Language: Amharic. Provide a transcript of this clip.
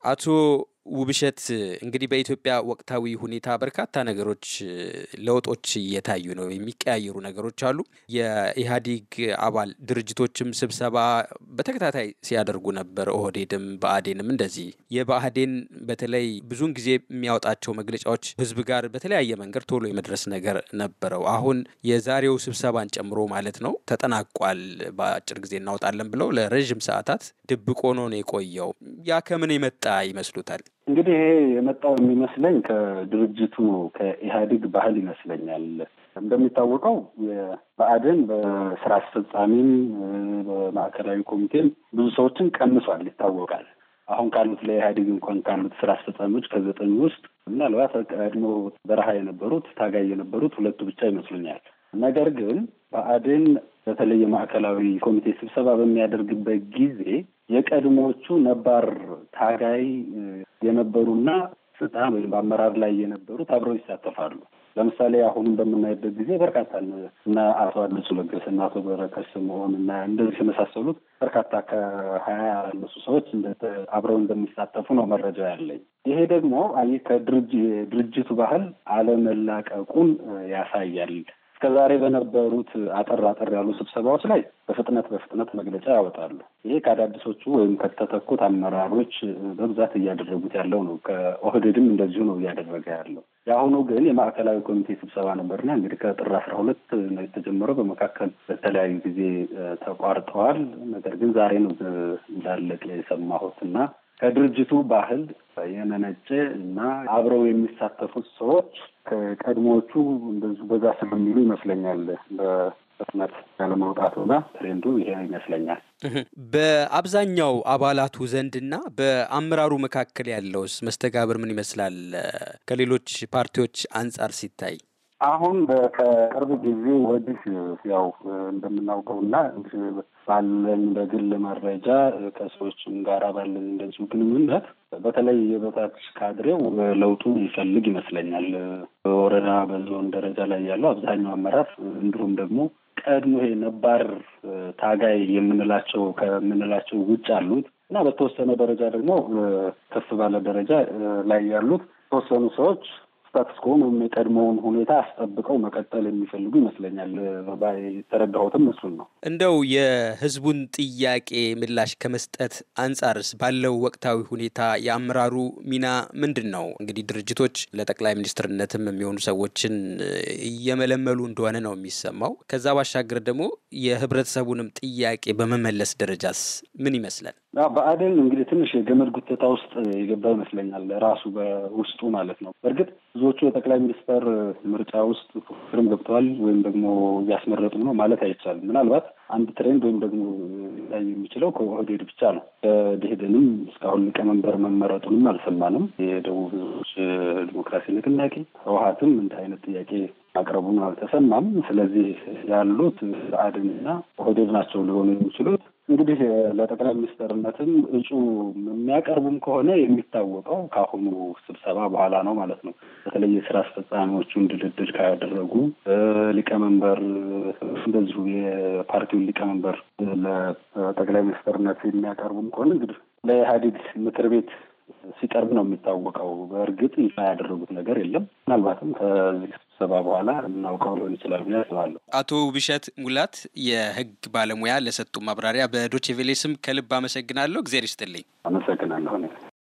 Arthur ውብሸት እንግዲህ በኢትዮጵያ ወቅታዊ ሁኔታ በርካታ ነገሮች ለውጦች እየታዩ ነው። የሚቀያየሩ ነገሮች አሉ። የኢህአዴግ አባል ድርጅቶችም ስብሰባ በተከታታይ ሲያደርጉ ነበር። ኦህዴድም በአዴንም እንደዚህ። የብአዴን በተለይ ብዙውን ጊዜ የሚያወጣቸው መግለጫዎች ህዝብ ጋር በተለያየ መንገድ ቶሎ የመድረስ ነገር ነበረው። አሁን የዛሬው ስብሰባን ጨምሮ ማለት ነው ተጠናቋል። በአጭር ጊዜ እናወጣለን ብለው ለረዥም ሰዓታት ድብቆ ነው የቆየው። ያ ከምን የመጣ ይመስሉታል? እንግዲህ ይሄ የመጣው የሚመስለኝ ከድርጅቱ ከኢህአዴግ ባህል ይመስለኛል። እንደሚታወቀው በአደን በስራ አስፈጻሚም በማዕከላዊ ኮሚቴም ብዙ ሰዎችን ቀንሷል ይታወቃል። አሁን ካሉት ለኢህአዴግ እንኳን ካሉት ስራ አስፈጻሚዎች ከዘጠኝ ውስጥ ምናልባት ቀድሞ በረሃ የነበሩት ታጋይ የነበሩት ሁለቱ ብቻ ይመስሉኛል። ነገር ግን ብአዴን በተለይ ማዕከላዊ ኮሚቴ ስብሰባ በሚያደርግበት ጊዜ የቀድሞቹ ነባር ታጋይ የነበሩና ስልጣን ወይም በአመራር ላይ የነበሩት አብረው ይሳተፋሉ። ለምሳሌ አሁኑም በምናይበት ጊዜ በርካታ እና አቶ አዲሱ ለገሰ እና አቶ በረከት ስምኦን እና እንደዚህ የመሳሰሉት በርካታ ከሀያ ያነሱ ሰዎች አብረው እንደሚሳተፉ ነው መረጃ ያለኝ። ይሄ ደግሞ ከድርጅቱ ባህል አለመላቀቁን ያሳያል። ዛሬ በነበሩት አጠር አጠር ያሉ ስብሰባዎች ላይ በፍጥነት በፍጥነት መግለጫ ያወጣሉ። ይሄ ከአዳዲሶቹ ወይም ከተተኩት አመራሮች በብዛት እያደረጉት ያለው ነው። ከኦህዴድም እንደዚሁ ነው እያደረገ ያለው። የአሁኑ ግን የማዕከላዊ ኮሚቴ ስብሰባ ነበርና እንግዲህ ከጥር አስራ ሁለት ነው የተጀመረው። በመካከል በተለያዩ ጊዜ ተቋርጠዋል። ነገር ግን ዛሬ ነው እንዳለቀ የሰማሁት እና ከድርጅቱ ባህል የመነጨ እና አብረው የሚሳተፉት ሰዎች ከቀድሞዎቹ እንደዚሁ በዛ ስም የሚሉ ይመስለኛል። በፍጥነት ያለመውጣቱና ትሬንዱ ይሄ ይመስለኛል። በአብዛኛው አባላቱ ዘንድና በአመራሩ መካከል ያለውስ መስተጋብር ምን ይመስላል? ከሌሎች ፓርቲዎች አንጻር ሲታይ አሁን በቅርብ ጊዜ ወዲህ ያው እንደምናውቀው እና ባለኝ በግል መረጃ ከሰዎችም ጋር ባለን እንደዚሁ ግንኙነት በተለይ የበታች ካድሬው ለውጡ ይፈልግ ይመስለኛል። በወረዳ በዞን ደረጃ ላይ ያለው አብዛኛው አመራር እንዲሁም ደግሞ ቀድሞ ይሄ ነባር ታጋይ የምንላቸው ከምንላቸው ውጭ አሉት እና በተወሰነ ደረጃ ደግሞ ከፍ ባለ ደረጃ ላይ ያሉት የተወሰኑ ሰዎች ስታትስኮን ወይም የቀድሞውን ሁኔታ አስጠብቀው መቀጠል የሚፈልጉ ይመስለኛል። የተረዳሁትም እሱን ነው። እንደው የህዝቡን ጥያቄ ምላሽ ከመስጠት አንጻርስ ባለው ወቅታዊ ሁኔታ የአመራሩ ሚና ምንድን ነው? እንግዲህ ድርጅቶች ለጠቅላይ ሚኒስትርነትም የሚሆኑ ሰዎችን እየመለመሉ እንደሆነ ነው የሚሰማው። ከዛ ባሻገር ደግሞ የህብረተሰቡንም ጥያቄ በመመለስ ደረጃስ ምን ይመስላል? ብአዴን እንግዲህ ትንሽ የገመድ ጉተታ ውስጥ የገባ ይመስለኛል ራሱ በውስጡ ማለት ነው። በእርግጥ ብዙዎቹ በጠቅላይ ሚኒስተር ምርጫ ውስጥ ፉክክርም ገብተዋል ወይም ደግሞ እያስመረጡ ነው ማለት አይቻልም። ምናልባት አንድ ትሬንድ ወይም ደግሞ ላይ የሚችለው ከኦህዴድ ብቻ ነው። በደኢህዴንም እስካሁን ሊቀመንበር መመረጡንም አልሰማንም። የደቡብ ህዝቦች ዲሞክራሲ ንቅናቄ ህወሀትም እንደ አይነት ጥያቄ አቅረቡን አልተሰማም። ስለዚህ ያሉት አድንና ኦህዴድ ናቸው ሊሆኑ የሚችሉት እንግዲህ ለጠቅላይ ሚኒስትርነትም እጩ የሚያቀርቡም ከሆነ የሚታወቀው ከአሁኑ ስብሰባ በኋላ ነው ማለት ነው። በተለይ የስራ አስፈጻሚዎቹን ድልድል ካደረጉ ሊቀመንበር እንደዚሁ የፓርቲውን ሊቀመንበር ለጠቅላይ ሚኒስትርነት የሚያቀርቡም ከሆነ እንግዲህ ለኢህአዴግ ምክር ቤት ሲቀርብ ነው የሚታወቀው። በእርግጥ ይፋ ያደረጉት ነገር የለም። ምናልባትም ከዚህ ስብሰባ በኋላ እናውቀው ሊሆን ይችላል ብዬ አስባለሁ። አቶ ውብሸት ሙላት የህግ ባለሙያ ለሰጡ ማብራሪያ በዶቼ ቬሌ ስም ከልብ አመሰግናለሁ። እግዜር ይስጥልኝ። አመሰግናለሁ።